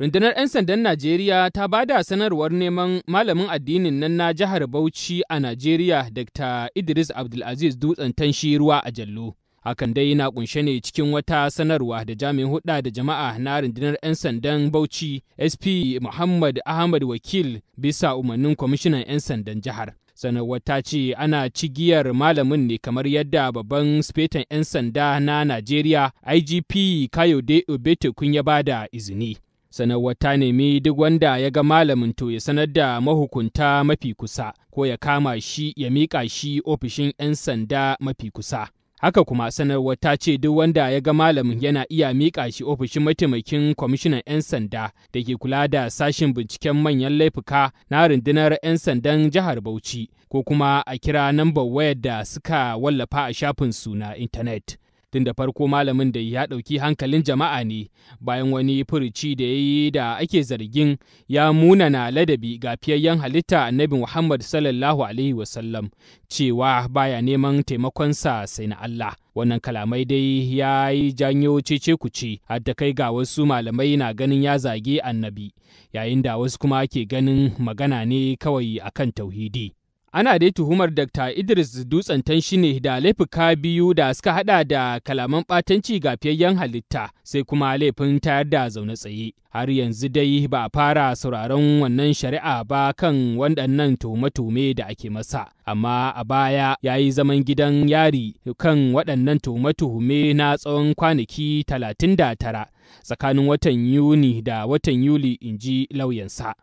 Rundunar 'Yan Sandan Najeriya ta ba da sanarwar neman malamin addinin nan na jihar Bauchi a Najeriya Dr. Idris Abdulaziz Dutsen Tanshi ruwa a Jallo. Hakan dai na kunshe ne cikin wata sanarwa da jami'in hudda da jama'a na rundunar 'yan sandan Bauchi SP Muhammad Ahmad Wakil bisa umarnin kwamishinan 'yan sandan jihar. sanarwar ta ce ana cigiyar malamin ne kamar yadda babban sfetan 'yan sanda na najeriya igp kayode obetekun ya ba da izini sanarwar ta nemi duk wanda ya ga malamin to ya sanar da mahukunta mafi kusa ko ya kama shi ya miƙa shi ofishin 'yan sanda mafi kusa. Haka kuma sanarwar ta ce duk wanda ya ga malamin yana iya miƙa shi ofishin mataimakin kwamishinan 'yan sanda da ke kula da sashin binciken manyan laifuka na rundunar 'yan sandan jihar Bauchi ko kuma a kira nambar wayar da suka wallafa a shafin su na intanet. tun da farko malamin da ya ɗauki hankalin jama'a ne bayan wani furuci da ya yi da ake zargin ya munana ladabi ga fiyayyen halitta annabi Muhammad sallallahu alaihi wasallam cewa baya neman taimakonsa sai na Allah. Wannan kalamai dai ya yi janyo cece kuce har da kai ga wasu malamai na ganin ya zage annabi yayin da wasu kuma ke ganin magana ne kawai akan tauhidi. Ana dai tuhumar Dr. Idris Dutsen Tanshi ne da laifuka biyu da suka hada da kalaman ɓatanci ga fiyayyen halitta sai kuma laifin tayar da zaune tsaye. Har yanzu dai ba a fara sauraron wannan shari'a ba kan waɗannan tuhume-tuhume da ake masa. Amma a baya ya yi zaman gidan yari kan waɗannan tuhume-tuhume na tsawon kwanaki talatin da tara tsakanin watan Yuni da watan Yuli in ji lauyansa.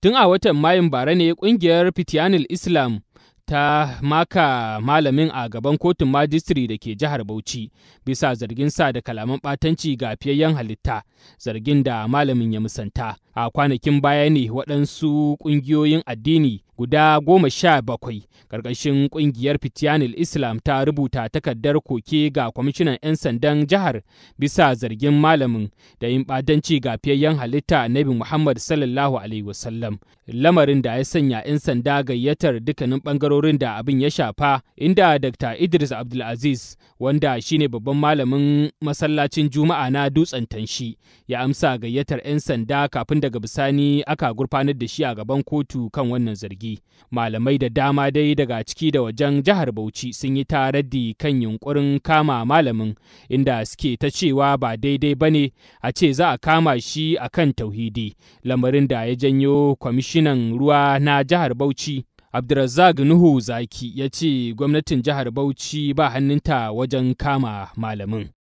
Tun a watan Mayun bara ne ƙungiyar fitianil Islam ta maka malamin a gaban kotun majistiri da ke jihar Bauchi bisa zargin sa da kalaman ɓatanci ga fiyayyen halitta zargin da malamin ya musanta. A kwanakin baya ne waɗansu ƙungiyoyin addini guda goma sha bakwai ƙarƙashin ƙungiyar fitiyanil islam ta rubuta takardar koke ga kwamishinan 'yan sandan jihar bisa zargin malamin da yin ɓadanci ga fiyayyen halitta nabi muhammad sallallahu alaihi wasallam lamarin da ya sanya 'yan sanda gayyatar dukkanin ɓangarorin da abin ya shafa inda dr idris abdulaziz wanda shine babban malamin masallacin juma'a na dutsen tanshi ya amsa gayyatar 'yan sanda kafin daga bisani aka gurfanar da shi a gaban kotu kan wannan zargi tarihi malamai da dama dai daga ciki da wajen jihar bauchi sun yi taraddi kan yunkurin kama malamin inda suke ta cewa ba daidai ba ne a ce za a kama shi a kan tauhidi lamarin da ya janyo kwamishinan ruwa na jihar bauchi abdulrazzak nuhu zaki ya ce gwamnatin jihar bauchi ba hannunta wajen kama malamin